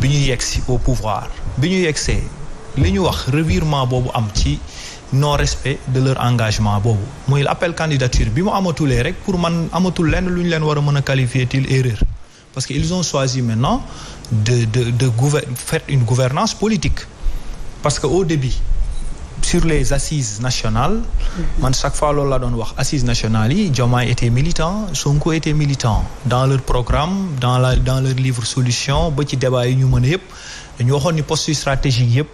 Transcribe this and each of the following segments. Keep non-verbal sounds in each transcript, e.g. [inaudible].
bi ñuy yegg si au pouvoir bi ñu see li ñu wax revirement boobu am ci non respect de leur engagement boobu mooy appel candidature bi mu amatulee rek pour man amatul lenn lu ñu leen war a mën a qualifié til erreur parce que ils ont choisi maintenant de de de faire une gouvernance politique parce que au début sur les assises nationales man chaque fois loolu laa doon wax assises nationales yi Diomaye était militant Sonko était militant dans leur programme dans la dans leur livre solution ba ci débat yi ñu mën yëpp dañu waxoon ni posture stratégique yëpp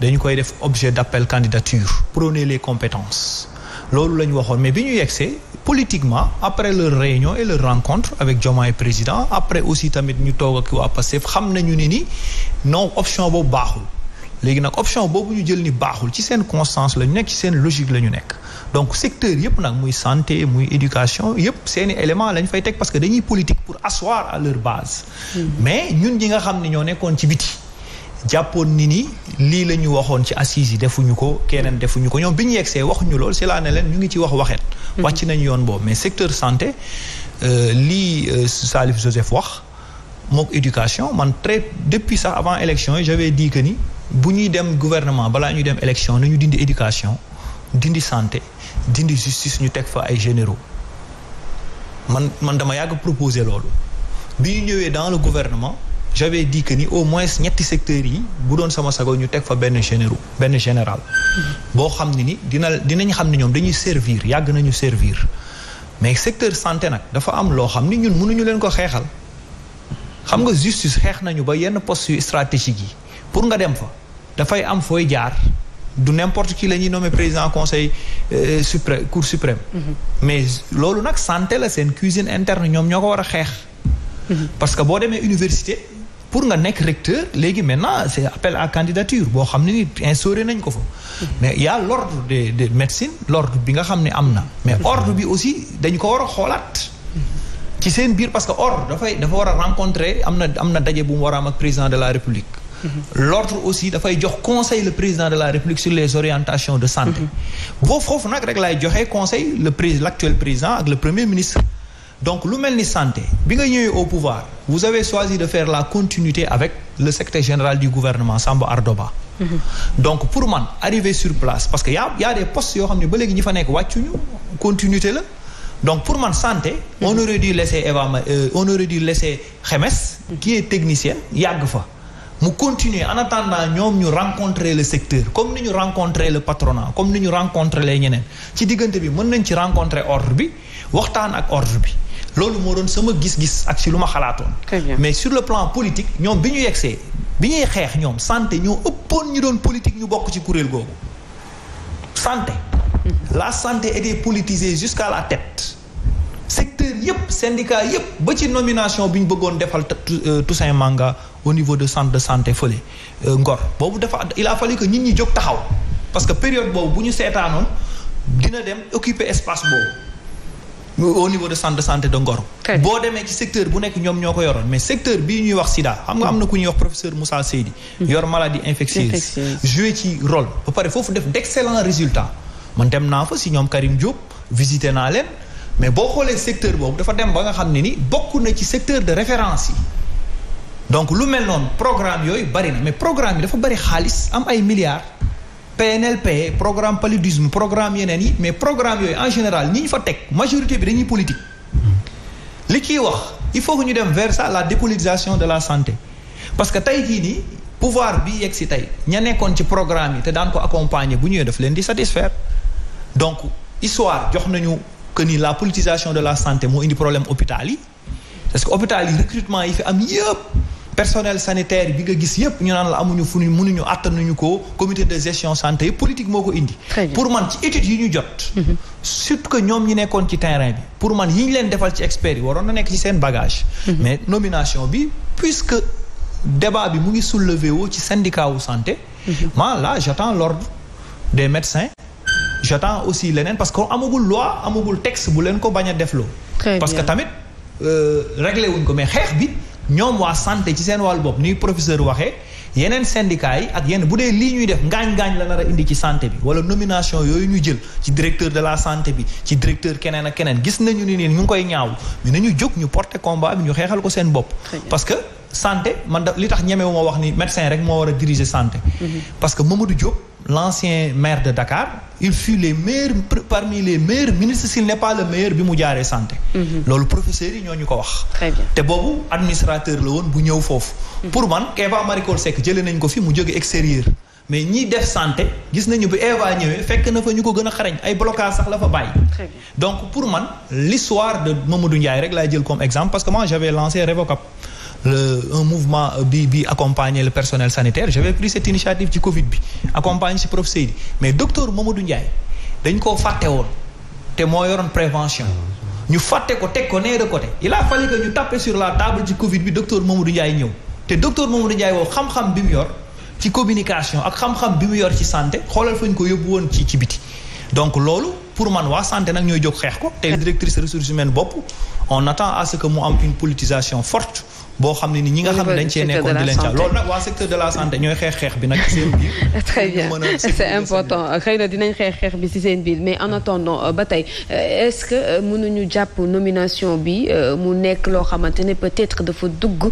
dañu koy def objet d'appel candidature prôner les compétences loolu la ñu waxoon mais bi ñu yegsee politiquement après leur réunion et leur rencontre avec Diomaye président après aussi tamit ñu toog ak waa Pastef xam nañu ne ni non option boobu baaxul léegi nag option boobu ñu jël ni baaxul ci seen constance la ñu nekk ci seen logique la ñu nekk donc secteur yëpp nag muy santé muy éducation yëpp seeni élément lañ fay teg parce que dañuy politique pour asseoir à leur base hmm. mais ñun ñi nga xam ne ñoo nekkoon ci biti jàppoon ni ni lii la ñu waxoon ci assises yi defuñu ko keneen defuñu ko ñoom bi ñu yegsee waxuñu lool si laa ne leen ñu ngi ci wax waxet hmm. wàcc nañu yoon boobu mais secteur santé euh, lii euh, Salif Joseph wax mook éducation man très depuis sax avant élection yi j'avais dit que bu ñuy dem gouvernement balaa ñuy dem élection nañu dindi éducation dindi santé dindi justice ñu teg fa ay généraux man man dama yàgg proposer loolu bi ñu ñëwee dans le gouvernement j'avais dit que ni au moins ñetti secteurs yi bu doon sama sago ñu teg fa benn généraux benn général boo xam ne ni dina dinañ xam ne ñoom dañuy servir yàgg nañu servir mais secteur santé nag dafa am loo xam ni ñun mënuñu leen ko xeexal xam nga justice xeex nañu ba yenn post yu yi pour nga dem fa dafay am fooy jaar du n'importe qui la ñuy nommé président conseil euh, suprême cour suprême mhm. mais loolu nag santé la seen cuisine interne ñoom ñoo ko war a xeex mhm. parce que boo demee université pour nga nekk recteur léegi maintenant c'est appel à candidature boo xam ne ni instauré nañ ko fa mhm. mais y a l'ordre de de médecine l'ordre bi nga xam ne am na mais ordre bi aussi dañ ko war a xoolaat ci seen biir parce que ordre dafay dafa war a rencontrer am na am na daje bu mu war a am ak de la république l'ordre aussi dafay jox conseil le président de la république sur les orientations de santé mhm. boobu foofu nag rek lay joxe conseil le président ak premier ministre donc lu mel ni santé bi nga ñëwee au pouvoir vous avez choisi de faire la continuité avec le secrétaire général du gouvernement Samba Ardoba mm -hmm. donc pour man arrivé sur place parce que y a y a yoo xam ne ba léegi ñi fa nekk wàccuñu continuité la donc pour man santé mhm. on aurait laisser Eva euh, mu continuer en attendant ñoom ñu rencontrer le secteur comme ni ñu rencontrer le patronat comme ni ñu rencontrer les ñeneen ci diggante bi mën nañ ci rencontrer ordre bi waxtaan ak ordre bi loolu moo doon sama gis-gis ak ci lu ma xalaatoon mais sur le plan politique ñoom bi ñu yegsee bi ñuy xeex ñoom santé ñoo ëppoon ñu doon politique ñu bokk ci kuréel googu santé mm-hmm. la santé était politisée jusqu'à la tête secteur yépp syndicat yépp ba ci nomination bi ñu bëggoon defal euh, Toussaint Manga au niveau de centre de santé fële euh, Ngor boobu dafa il a fallu que nit ñi jóg taxaw parce que période boobu bu ñu seetaanoon dina dem occuper espace boobu euh, au niveau de centre de santé de Ngor boo demee ci secteur bu nekk ñoom ñoo ko yoroon mais secteur bii ñuy wax sida xam nga am na ku ñuy wax professeur Moussa Seydi mm-hmm. yor maladie infectieuse joué ci rôle ba pare foofu def de d'excellents résultat man dem naa fa si ñoom Karim Diop visité naa leen mais boo xoolee secteur boobu dafa dem ba nga xam ne ni bokk na ci secteur de référence yi donc lu mel noonu programme yooyu bari na mais programme yi dafa bari xaalis am ay milliards PNLP programme paludisme programme yeneen yi mais programme yooyu en général ñi ñu fa teg majorité bi dañuy politique li kiy wax il faut que ñu dem vers ça la dépolitisation de la santé parce que tey jii nii pouvoir bi yegg si tey ña nekkoon ci programme yi te daan accompagner bu ñëwee daf leen di satisfaire donc histoire jox nañu que ni la politisation de la santé moo indi problème hôpital yi parce que hôpital yi recrutement yi fi am yëpp personnel sanitaire bi nga gis yépp ñu naan la amuñu fu ñu mënuñu àttanuñu ko comité de gestion santé politique moo ko indi. pour man ci études yi ñu jot. Mhm. surtout que ñoom ñu nekkoon ci terrain bi pour man yi ñu leen defal ci experts yi waroon na nekk ci seen bagage. Mhm. mais nomination bi puisque débat bi mu ngi soulevé woo ci syndicat wu santé. moi mhm. là j'attends l'ordre des médecins. j'attends aussi leneen parce que amagul loi amagul texte bu leen ko bañ a defloo. parce que tamit euh, réglé wuñ ko mais xeex bi. ñoom waa santé ci seen wàllu bopp ni professeur waxee yeneen syndicat ak yenn bu dee lii ñuy def ngaañ-ngaañ la nar a indi ci santé bi wala nomination yooyu ñu jël ci directeur de la santé bi ci directeur keneen ak keneen gis nañu ni ñu ngi koy ñaaw mais nañu jóg ñu porter combat bi ñu xeexal ko seen bopp parce que santé man da li tax ñemewu ma wax ni médecin rek moo war a diriger santé mhm. parce que Mamadou jóg l'ancien maire de Dakar il fut les meilleurs parmi les meilleurs ministres s'il n'est pas le bi mu jaaree santé mhm. loolu professeurs yi ñoo ñu ko wax te boobu administrateur la woon bu ñëw foofu mhm. pour man Eva Marie Coll Seck jëlee nañ ko fi mu jóge extérieur mais ñiy def santé gis nañu bu Eva ñëwee fekk na fa ñu ko gën a xarañ ay blocage sax la fa bàyyi donc pour man l'histoire de Mamadou Ndiaye rek laay jël comme exemple parce que moi j'avais lancé Revocap le un mouvement bi bi accompagner le personnel sanitaire j'avais pris cette initiative ci Covid bi accompagner ci prof Seydi mais docteur Mamadou Ndiaye dañ koo fàtte woon te moo yoroon prévention ñu fàtte ko teg ko nee de côté il a fallu la table ci Covid bi docteur Mamadou Ndiaye ñëw te docteur Mamadou Ndiaye woo xam-xam bi mu yor ci communication ak xam-xam bi mu yor ci santé xoolal fa ñu ko yóbbu woon ci ci biti donc loolu pour man waa santé nag ñooy jóg xeex ko te directrice ressources humaines bopp on attend à ce que mu am une politisation forte boo xam ne ni ñi nga xam ne dañ cee nekkoon di leen ca loolu la santé ñooy xeex xeex bi nag seen biir. [laughs] très bien c'est important xëy na dinañ xeex xeex bi ci seen biir mais en attendant euh, ba tey euh, est-ce que euh, mënuñu jàpp nomination bi mu nekk loo xamante ne peut-être dafa dugg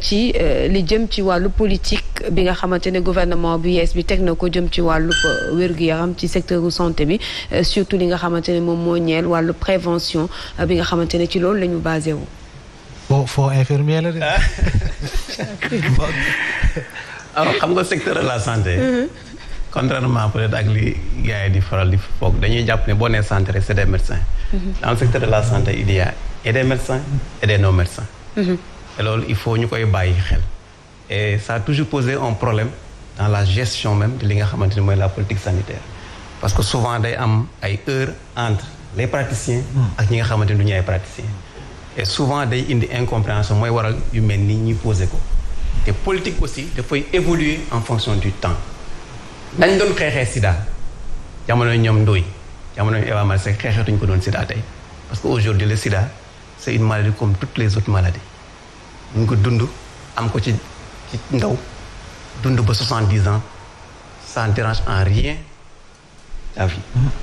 ci li jëm ci wàllu politique bi nga xamante ne gouvernement bi yees bi teg na ko jëm ci wàllu wér-gu-yaram ci secteur santé bi surtout li nga xamante ne moom moo ñeel wàllu prévention bi nga xamante ne ci loolu la ñu basé wu. foo infirmier la de. alors [laughs] oh, xam nga secteur de la santé. contrairement peut-être ak li gars di faral di foog dañuy jàpp ne boo nee santé rek c'est des médecins. Mhm. dans le secteur de la santé il y a et des médecins et des non médecins. Mhm. loolu il faut ñu koy bàyyi xel. et ça a toujours posé un problème dans la gestion même de li nga xamante ni mooy la politique sanitaire parce que souvent day am ay heures entre les praticiens. Hmm. ak ñi nga xamante ni du ñu ay praticiens. et souvent day indi incompréhension mooy waral yu mel ni ñi posé ko te politique aussi dafay évoluer en fonction du temps dañ doon xeexee sida jamono ñoom Ndoye jamono Eva Marie Seck xeexeetuñ ko doon sida tey parce que aujourd'hui le sida c'est une maladie comme toutes les autres maladies ñu ko dund am ko ci ci ndaw dund ba soixante-dix ans ça ne en rien à vie.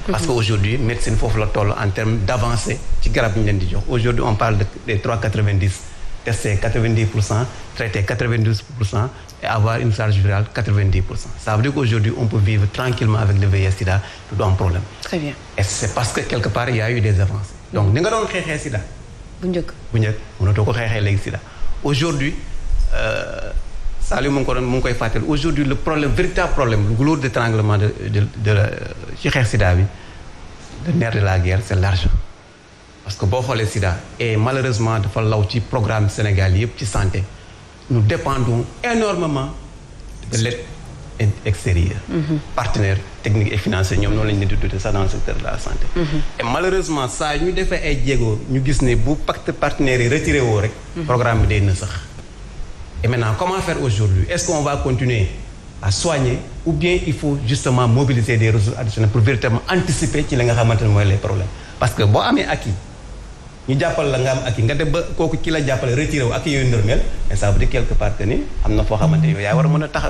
parce que aujourd'hui médecine foofu la toll en termes d'avancée ci garab yi di jox aujourd'hui on parle des trois quatre-vingt-dix testé quatre-vingt-dix pour cent traité quatre vingt dix pour cent ça veut dire qu'aujourd'hui on peut vivre tranquillement avec le VIH sida du am problème. très bien et c'est parce que quelque part il a eu des avancées. donc ni nga doon xeexee sida. bu njëkk bu njëkk mënatoo ko xeexee léegi sida aujourd'hui. Euh, Saliou mu ngi ko doon mu koy fàttali aujourd'hui le problème véritable problème le goulot d'étranglement de de de ci xeex sida bi le nerf de la guerre c'est l'argent parce que boo xoolee sida et malheureusement dafa law ci programme Sénégal yëpp ci santé nous dépendons énormément de l'aide extérieure mm -hmm. partenaires techniques et financiers ñoom noonu la ñu di sa ça dans le secteur de la santé mm malheureusement saa ñu defee ay jéego ñu gis ne bu pacte partenaires yi retiré woo rek mhm. programme Et maintenant, comment faire aujourd'hui Est-ce qu'on va continuer à soigner ou bien il faut justement mobiliser des ressources additionnelles pour véritablement anticiper ci la nga xamante ne mooy les problèmes parce que boo amee acquis ñu jàppale la nga am ak acquis nga dem ba kooku ci la jàppale retiré wu acquis yooyu normel mais ça veut dire quelque part que ni am na foo xamante yow yaa war a mën a tax